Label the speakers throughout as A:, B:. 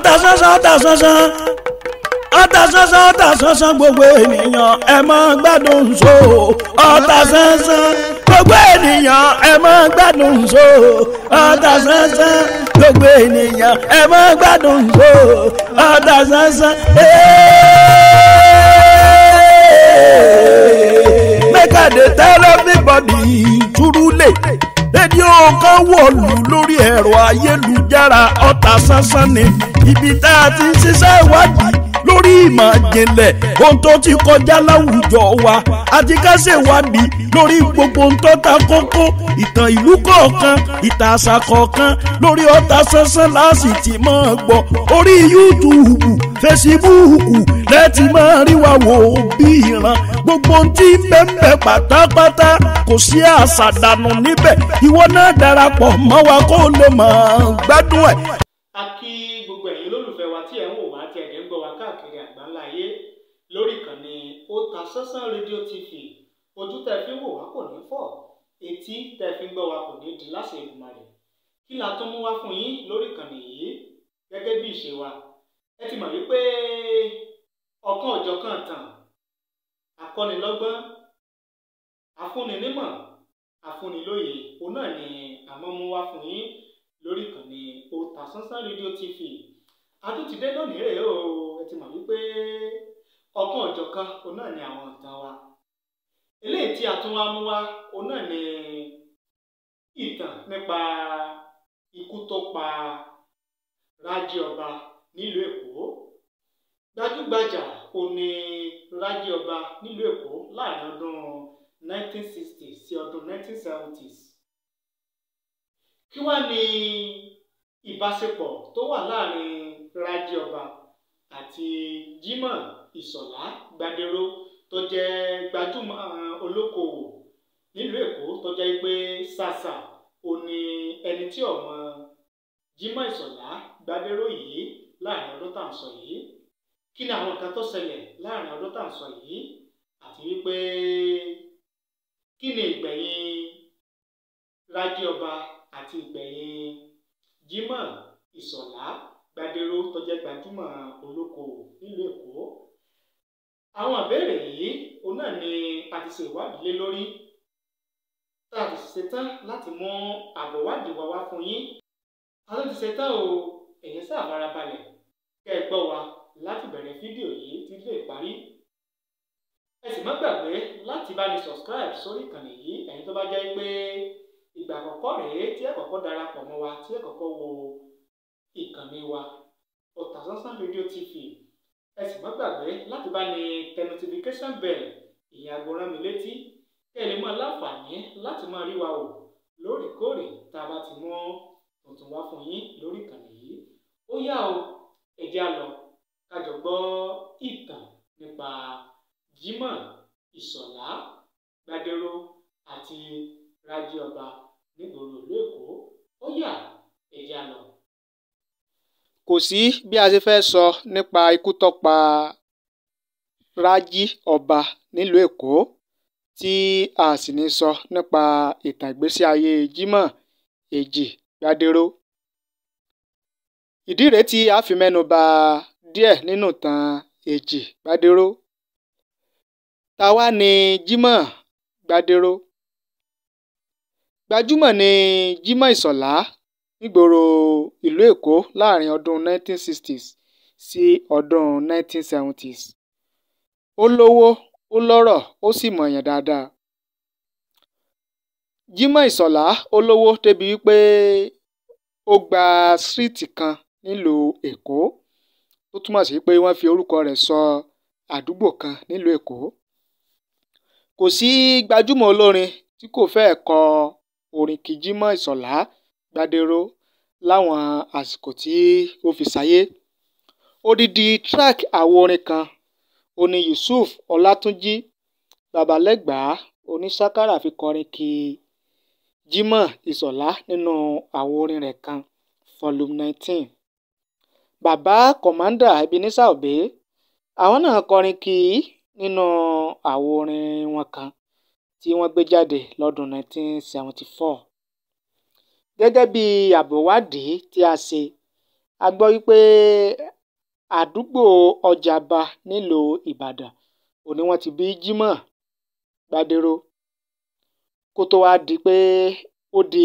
A: ọ̀tàsánsán ọ̀tàsánsán ọ̀tàsánsán ọ̀tàsánsán gbogbo ènìyàn ẹ máa gbádùn so ọ̀tàsánsán gbogbo ènìyàn ẹ máa gbádùn so ọ̀tàsánsán gbogbo ènìyàn ẹ máa gbádùn so ọ̀tàsánsán. Make I dey tell everybody, turule rédíò kan wọ̀lú lórí ẹ̀rọ ayélujára ọ̀tà sánsán ni ibi tá a ti ń ṣiṣẹ́ ìwádìí lórí ìmọ̀ àjẹlẹ̀ ohun tó ti kọjá láwùjọ wa àti ká ṣèwádìí lórí gbogbo ohun tó ta kókó ìtàn ìlú kọ̀ọ̀kan ìtàn àṣà kọ̀ọ̀kan lórí ọ̀tà sánsán láàsì tí máa gbọ́ orí yúùtùbù fẹsibúùkù lẹ́ẹ̀tì máa rí wa wò ó bí ìran gbogbo ohun tí pátápátá kò sí àṣà dànù níbẹ̀ ìwọ náà darapọ̀ mọ́ wa kó lè máa gbádùn ẹ̀
B: Orísun rédíò tv ojú tẹ fi wò wá kò ní fọ́ etí tẹ fi gbọ́ wa kò ní di láṣẹ Èdùmàrè kí la tún mú wá fún yín lórí ìkànnì yìí gẹ́gẹ́ bí ìṣe wa ẹ ti mọ̀ wípé ọ̀kan òjọ̀kan tàn akọ́nilọ́gbọ́n afúninímọ̀ afúnilóye òun náà ni àmọ́ mú wá fún yín lórí ìkànnì Otasansan rédíò tv àtúntìdé lónìí rèé o ẹ ti mọ̀ wípé ọ̀kan ọ̀jọ̀kan òun náà ni àwọn ìtàn wa eléyìí tí a tún wá mú wá òun náà ni ìtàn nípa ikú tó pa Rájí Ọba nílùú Èkó gbajúgbajà òun ni Rájí Ọba nílùú Èkó láàrin ọdún 1960 sí ọdún 1970s kí wá ni ìbáṣepọ̀ tó wà láàrin Rájí Ọba àti Jimoh ìṣọ̀lá gbadero tó jẹ́ gbajúmọ̀ eh, olókoòwò nílùú èkó tó jẹ́ pé ṣàṣà ò ní ẹni tí ọmọ Jimoh ìṣọ̀lá gbadero yìí láàrin ọdún tá à ń sọ yìí kí ni àwọn nǹkan tó ṣẹlẹ̀ láàrin ọdún tá à ń sọ yìí àti wípé kí ni ìgbẹ̀yìn Rájí Ọba àti ìgbẹ̀yìn Jimoh Ìṣọ̀lá Gbadero tó jẹ́ gbajúmọ̀ olókoòwò nílùú Èkó àwọn àbẹ̀rẹ̀ yìí òun náà ni a ti ṣe ìwádìí lé lórí tá a ti ṣetán láti mú àbọ̀wádìí wa wá fún yín a tún ti ṣetán o ẹ̀yin sáà farabalẹ̀ kẹ́ ẹ gbọ́ wa láti bẹ̀rẹ̀ fídíò yìí títí lè parí ẹ sì má gbàgbé láti bá ní subscribe sórí ìkànnì yìí ẹ̀yin tó bá jẹ́ pé ìgbà àkọ́kọ́ rèé tí ẹ kọ́kọ́ darapọ̀ mọ́ wa tí ẹ kọ́kọ́ wo ìkànnì wa Ọ̀tàsánsán rédíò TV ẹ sì má gbàgbé láti bá ní tẹ notification bell ìyẹn aago rán mi létí kẹ́ ẹ lè máa láǹfààní láti máa rí wa wò lóòrèkóòrè tá a bá ti mú tuntun wá fún yín lórí ìkànnì yìí ó yá o ẹ jẹ́ á lọ ká jọ gbọ́ ìtàn nípa Jimoh Ìṣọ̀lá Gbadero àti Rájí Ọba nígboro ìlú Èkó ó yá ẹ jẹ́ kò sí bí a ṣe fẹ́ sọ nípa ikú tó pa Rájí Ọba nílùú Èkó tí a sì ní sọ nípa ìtàn ìgbésí ayé Jimoh Èjì Gbadero ìdí rèé tí a fi mẹ́nu bà díẹ̀ nínú ìtàn Èjì Gbadero ta wá ni Jimoh Gbadero gbajúmọ̀ ni Jimoh Ìṣọ̀lá nígboro ìlú èkó láàrin ọdún 1960s sí ọdún 1970s. ó lówó ó lọ́rọ̀ ó sì mọ̀ọ́yàn dáadáa. Jimoh Iṣọ̀lá olówó débi wípé ó gba síríìtì kan nílùú Èkó tó túmọ̀ sí pé wọ́n fi orúkọ rẹ̀ sọ àdúgbò kan nílùú Èkó. Kò sí gbajúmọ̀ olórin tí kò fẹ́ẹ̀ kọ orin kí Jimoh Iṣọ̀lá Gbadero láwọn àsìkò tí ó fi sáyé. Odidi track àwo-orin kan òní Yusuf Ọlátúnjí Bàbálẹ́gbàá onísákárà fi kọrin ki Jímọ̀ Ìṣọ̀lá nínú àwo-orin rẹ̀ kan Vol 19. Bàbá Kọ̀mándà Ebenezer Obey àwọn náà kọrin kì nínú àwo-orin wọn kan tí wọ́n gbé jáde lọ́dún 1974. Gẹ́gẹ́ bí àbọ̀wádìí tí a ṣe, a gbọ́ wípé àdúgbò Ọ̀jábá nílùú Ìbàdàn òhun ni wọ́n ti bí Jímọ̀ Gbádéró kó tó wá di pé ó di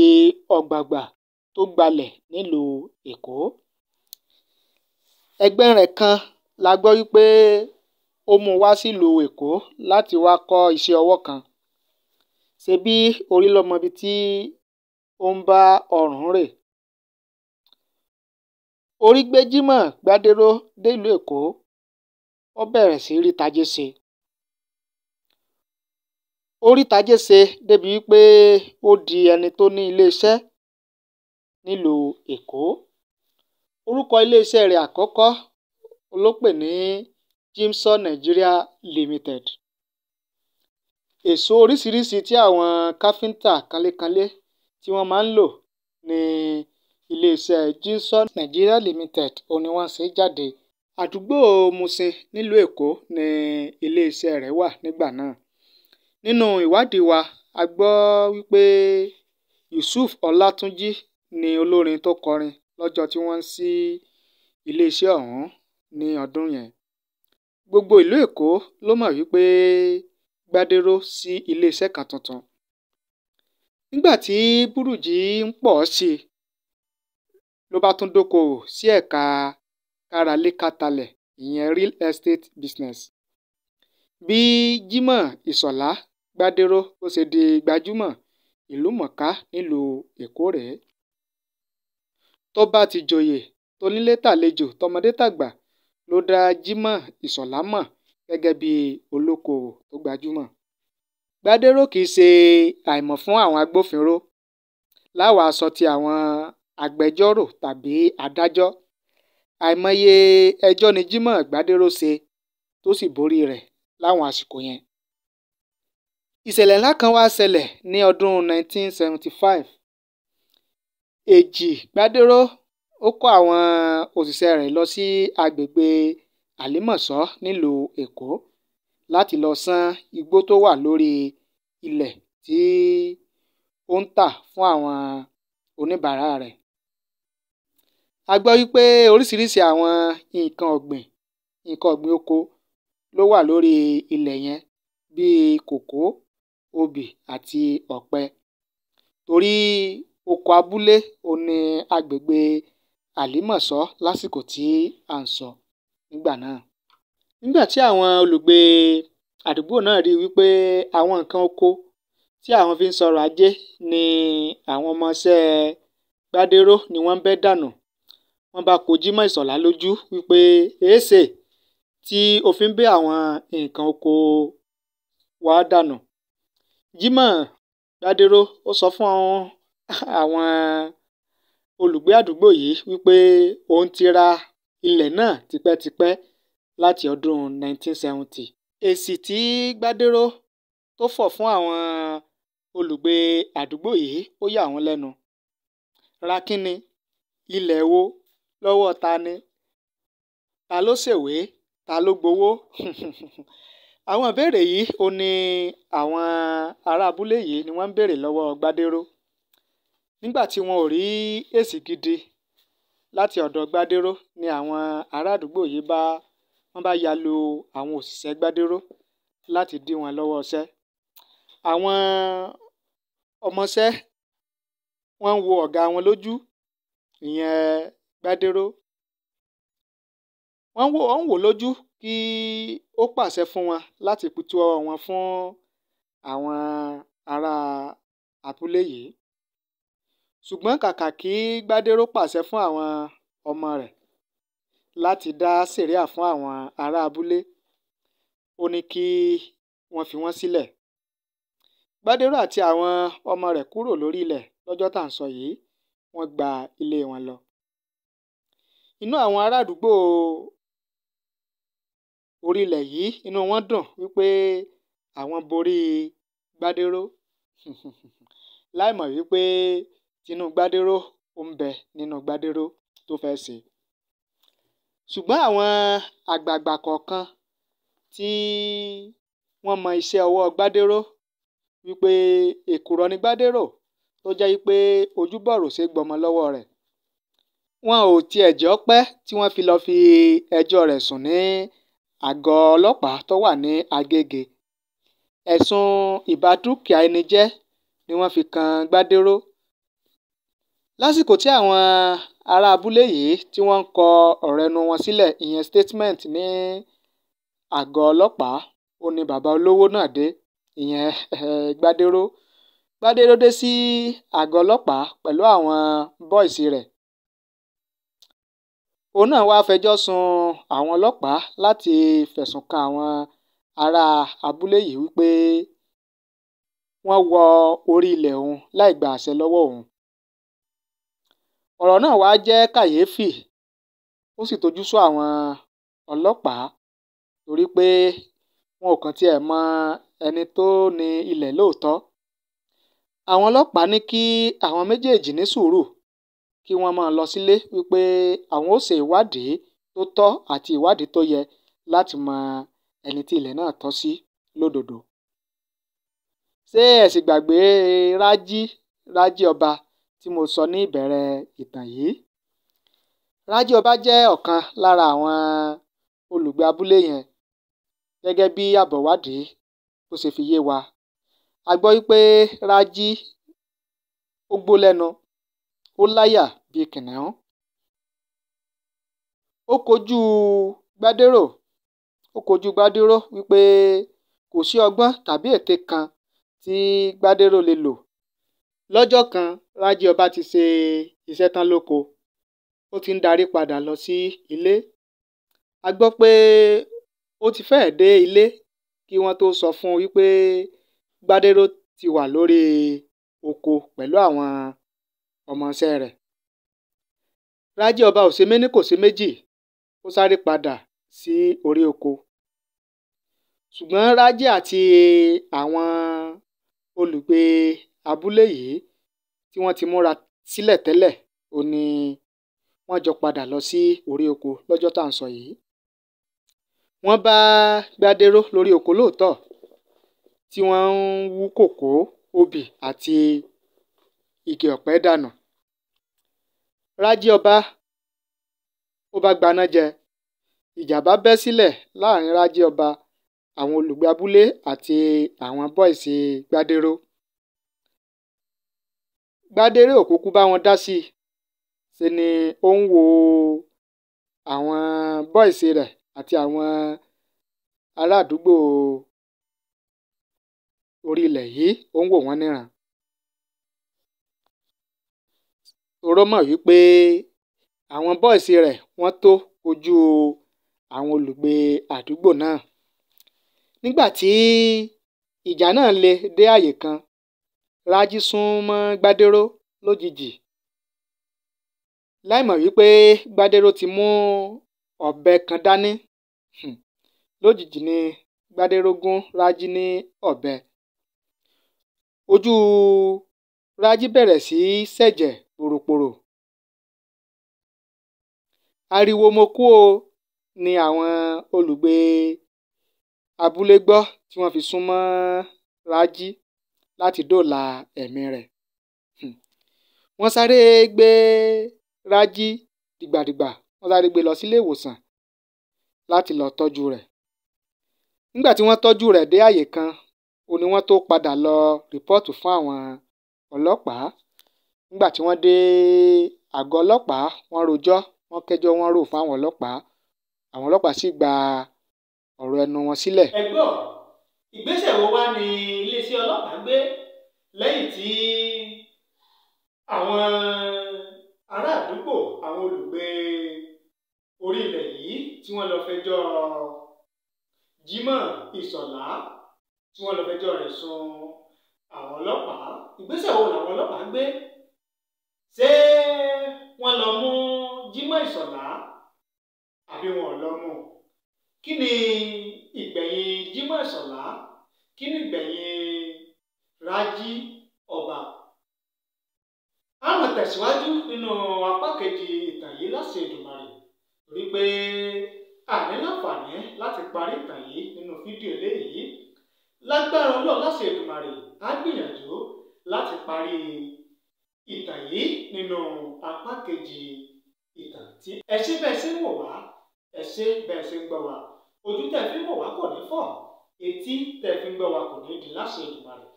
B: ọ̀gbàgbà tó gbalẹ̀ nílùú Èkó. Ẹgbẹ́ rẹ̀ kan la gbọ́ wípé ó mú wá sílùú Èkó láti wá kọ́ iṣẹ́ ọwọ́ kan. Ṣèbí orí ló tí ó ń bá ọ̀run rè orí gbé Jimoh Gbadero délùú Èkó ó bẹ̀rẹ̀ sí rí tajé ṣe ó rí tajé ṣe débi wípé ó di ẹni tó ní iléeṣẹ́ nílùú Èkó orúkọ iléeṣẹ́ rẹ̀ àkọ́kọ́ ló pè ní Jimsor Nigeria Limited èso oríṣiríṣi tí àwọn káfíńtà kanlékanlé tí wọ́n máa ń lò ní iléeṣẹ́ Jisọ́ọ̀lù Nigeria Limited òun ni wọ́n ṣe jáde. Àdúgbò Muṣin nílùú Èkó ni iléeṣẹ́ rẹ̀ wà nígbà náà. Nínú ìwádìí wa a gbọ́ wípé Yusuf Ọlátúnjí ni olórin tó kọrin lọ́jọ́ tí wọ́n ṣí iléeṣẹ́ ọ̀hún ní ọdún yẹn. Gbogbo ìlú Èkó ló mọ̀ wípé Gbádéró ṣí iléeṣẹ́ kan tuntun nígbà tí burújí ń pọ̀ sí i ló bá tún dókòwò sí ẹ̀ka káralé ìyẹn real estate business bí Jimoh isola, Gbádéró bó ṣe di gbajúmọ̀ ìlúmọ̀ọ́ká nílùú Èkó rèé tó bá ti joyè tonílé-tàlejò tọmọdé-tàgbà ló dá Jimoh Iṣọ̀lá mọ̀ gẹ́gẹ́ bíi olókoòwò tó gbajúmọ̀ Gbádéró kìí ṣe àìmọ̀ fún àwọn agbófinró láwọn aṣọ ti àwọn agbẹjọ́rò tàbí adájọ́. Àìmọye ẹjọ́ ni Jímọ̀ Gbádéró ṣe tó sì borí rẹ̀ láwọn àsìkò yẹn. Ìṣẹ̀lẹ̀ ńlá kan wá ṣẹlẹ̀ ní ọdún 1975. Èjì Gbádéró ó kó àwọn òṣìṣẹ́ rẹ̀ lọ sí agbègbè Àlìmọ́ṣọ́ nílùú Èkó láti lọ sán igbó tó wà lórí ilẹ̀ tí ó ń tà fún àwọn oníbàárà rẹ̀. a gbọ́ wípé oríṣiríṣi àwọn nǹkan ọ̀gbìn nǹkan ọ̀gbìn oko ló wà lórí ilẹ̀ yẹn bíi kòkó obì àti ọ̀pẹ torí oko abúlé òun ni agbègbè àlìmọ̀ṣọ́ lásìkò tí à ń sọ nígbà náà nígbà tí àwọn olùgbé àdúgbò náà rí wípé àwọn nǹkan oko tí àwọn fi ń sọrọ̀ ajé ni àwọn ọmọọṣẹ́ Gbádéró ni wọ́n ń bẹ́ dànù wọ́n bá kojú mọ́ Ìṣọ̀lá lójú wípé èéṣe tí o fi àwọn nǹkan oko wa dànù. Jimoh Gbádéró ó sọ fún àwọn olùgbé àdúgbò yìí wípé òun ti ra ilẹ̀ náà tipẹ́tipẹ́ láti ọdún 1970. èsì tí gbàdéró tó fọ̀ fún àwọn olùgbé àdúgbò yìí ò yà wọ́n lẹ́nu ra kínni ilẹ̀ wo lọ́wọ́ ta ni ta ló ṣèwé ta ló gbowó àwọn ìbéèrè yìí ò ní àwọn ará abúlé yìí ni wọ́n ń béèrè lọ́wọ́ gbàdéró nígbà tí wọn ò rí èsì gidi láti ọ̀dọ̀ gbàdéró ni àwọn ará àdúgbò yìí bá wọ́n bá ya lu àwọn òṣìṣẹ́ gbádéró láti dí wọn lọ́wọ́ iṣẹ́ àwọn ọmọọṣẹ́ wọ́n ń wo ọ̀gá wọn lójú ìyẹn gbádéró wọ́n wò ó ń wò lójú kí ó pàṣẹ fún wọn láti pitú ọwọ́ wọn fún àwọn ará abúlé yìí ṣùgbọ́n kàkà kí gbádéró pàṣẹ fún àwọn ọmọ rẹ̀ láti dá sẹ̀ríà fún àwọn ará abúlé ó ní kí wọ́n fi wọ́n sílẹ̀ Gbádéró àti àwọn ọmọ rẹ̀ kúrò lórí ilẹ̀ lọ́jọ́ tá à ń sọ yìí wọ́n gba ilé wọn lọ inú àwọn ará àdúgbò orí ilẹ̀ yìí inú wọn dùn wípé àwọn borí Gbádéró láìmọ̀ wípé tinú Gbádéró ó ń bẹ nínú Gbádéró tó fẹ́ ṣe ṣùgbọ́n àwọn àgbààgbà kọ̀ọ̀kan tí wọ́n mọ iṣẹ́ ọwọ́ Gbádéró wípé èkùrọ́ ni Gbádéró tó jẹ́ wípé ojúbọ̀rọ̀ ṣe gbọmọ lọ́wọ́ rẹ̀ wọn ò tiẹ̀ jẹ́ ọpẹ́ tí wọ́n fi lọ́ọ́ fi ẹjọ́ rẹ̀ sùn ní àgọ́ ọlọ́pàá tó wà ní Agége ẹ̀sùn ìba ẹni jẹ́ ni wọ́n fi kan Gbádéró lásìkò tí àwọn ará abúlé yìí tí wọ́n ń kọ ọ̀rọ̀ ẹnu wọn sílẹ̀ ìyẹn statement ní àgọ́ ọlọ́pàá ó ní bàbá olówó náà dé ìyẹn eh, gbadéró gbadéró dé sí àgọ́ ọlọ́pàá pẹ̀lú àwọn bọ́ìsì rẹ̀ òun náà wá fẹjọ́ sun àwọn ọlọ́pàá láti fẹ̀sùn kan àwọn ará abúlé yìí wípé wọ́n wọ orí ilẹ̀ òun láì gba àṣẹ lọ́wọ́ òun ọ̀rọ̀ náà wàá jẹ́ kàyééfì ó sì tojú sú àwọn ọlọ́pàá torí pé wọn ò kàn tiẹ̀ mọ ẹni tó ni ilẹ̀ lóòótọ́ àwọn ọlọ́pàá ní kí àwọn méjèèjì ní sùúrù kí wọ́n máa lọ sílé wípé àwọn ó ṣe ìwádìí tó tọ́ àti ìwádìí tó yẹ láti mọ ẹni tí ilẹ̀ náà tọ́ sí lódodo ṣé ẹ gbàgbé rájí rájí ọba tí mo sọ ní ìbẹ̀rẹ̀ ìtàn yìí. Rájí Ọba jẹ́ ọ̀kan lára àwọn olùgbé abúlé yẹn gẹ́gẹ́ bí àbọ̀wádìí bó ṣe fi yé wa. A gbọ́ wípé Rájí ó gbó lẹ́nu, ó láyà bíi kìnìún. Ó kojú Gbádérò, ó kojú Gbádéró wípé kò sí ọgbọ́n tàbí ète kan tí Gbádéró le lò lọ́jọ́ kan rájí ọba ti ṣe iṣẹ́ tán lóko ó ti ń darí padà lọ sí ilé a gbọ́ pé ó ti fẹ́ẹ̀ dé ilé kí wọ́n tó sọ fún un wípé Gbádéró ti wà lórí oko pẹ̀lú àwọn ọmọọṣẹ́ rẹ̀ rájí ọba ò ṣe méní kò ṣe méjì ó sáré padà sí orí oko ṣùgbọ́n rájí àti àwọn olùgbé abúlé yìí tí wọ́n ti múra sílẹ̀ tẹ́lẹ̀ ó ní wọ́n jọ padà lọ sí orí oko lọ́jọ́ tá à ń sọ yìí wọ́n bá Gbádéró lórí oko lóòótọ́ tí wọ́n ń wú kòkó obì àti igi ọ̀pẹ dànù Rájí ọba ó bá gbaná jẹ ìjà bá bẹ́ láàrin Rájí ọba àwọn olùgbé abúlé àti àwọn bọ́ìsì Gbádéró Gbadére ò kúkú bá wọn dá sí i ṣe ni ó ń wo àwọn bọ́ìsì rẹ̀ àti àwọn ará àdúgbò orí ilẹ̀ yìí ó ń wò wọ́n níran. Toró mọ̀ wípé àwọn bọ́ìsì rẹ̀ wọ́n tó kojú àwọn olùgbé àdúgbò náà. Nígbà tí ìjà náà le dé àyè kan rájí sún mọ́ gbàdéró lójijì láìmọ̀ wípé gbàdéró ti mú ọ̀bẹ kan dání hmm, lójijì ni gbàdéró gún rájí ní ọ̀bẹ ojú rájí bẹ̀rẹ̀ sí í ṣẹ̀jẹ̀ pòròpòrò ariwo mo kú o ni àwọn olùgbé abúlé gbọ́ tí wọ́n fi sún rájí láti dóòlà ẹ̀mí rẹ̀ hmm. wọ́n sáré gbé rájí dìgbàdìgbà wọ́n sáré gbé lọ sílé ìwòsàn láti lọ tọ́jú rẹ̀ nígbà tí wọ́n tọ́jú rẹ̀ dé àyè kan ó ní wọ́n tó padà lọ rìpọ́ọ̀tù fún àwọn ọlọ́pàá nígbà tí wọ́n dé àgọ́ ọlọ́pàá wọ́n rojọ́ wọ́n kẹ́jọ́ wọ́n rò fún àwọn ọlọ́pàá àwọn ọlọ́pàá sì gba ọ̀rọ̀ ẹnu wọn sílẹ̀. ẹ gbọ́ ìgbésẹ̀ wo wá ní iléeṣẹ́ ọlọ́pàá gbé lẹ́yìn tí àwọn ará àdúgbò àwọn olùgbé orí ilẹ̀ yìí tí wọ́n lọ fẹjọ́ Jimoh Ìsọ̀lá tí wọ́n lọ fẹjọ́ rẹ̀ sùn àwọn ọlọ́pàá ìgbésẹ̀ wo làwọn ọlọ́pàá gbé ṣé wọ́n lọ mú Jimoh Ìsọ̀lá àbí wọn ò lọ mú kí ni ìgbẹ̀yìn Jimoh Ìsọ̀lá kí ni gbẹ̀yìn rájí ọba. a máa tẹ̀síwájú nínú apá kejì ìtàn yìí láti Èdùmàrè torí pé àní láǹfààní láti parí ìtàn yìí nínú fídíò eléyìí lágbára ọlọ́ọ̀ láti Èdùmàrè á gbìyànjú láti parí ìtàn yìí nínú apá kejì ìtàn tí ẹ ṣe bẹ́ẹ̀ ṣe ń wò wá ẹ ṣe bẹ́ẹ̀ ṣe ń gbọ́ wá ojú tẹ̀ fi wò wá kò ní fọ́ etí tẹ̀ fi ń gbọ́ wa kò ní di láṣẹ Èdùmàrè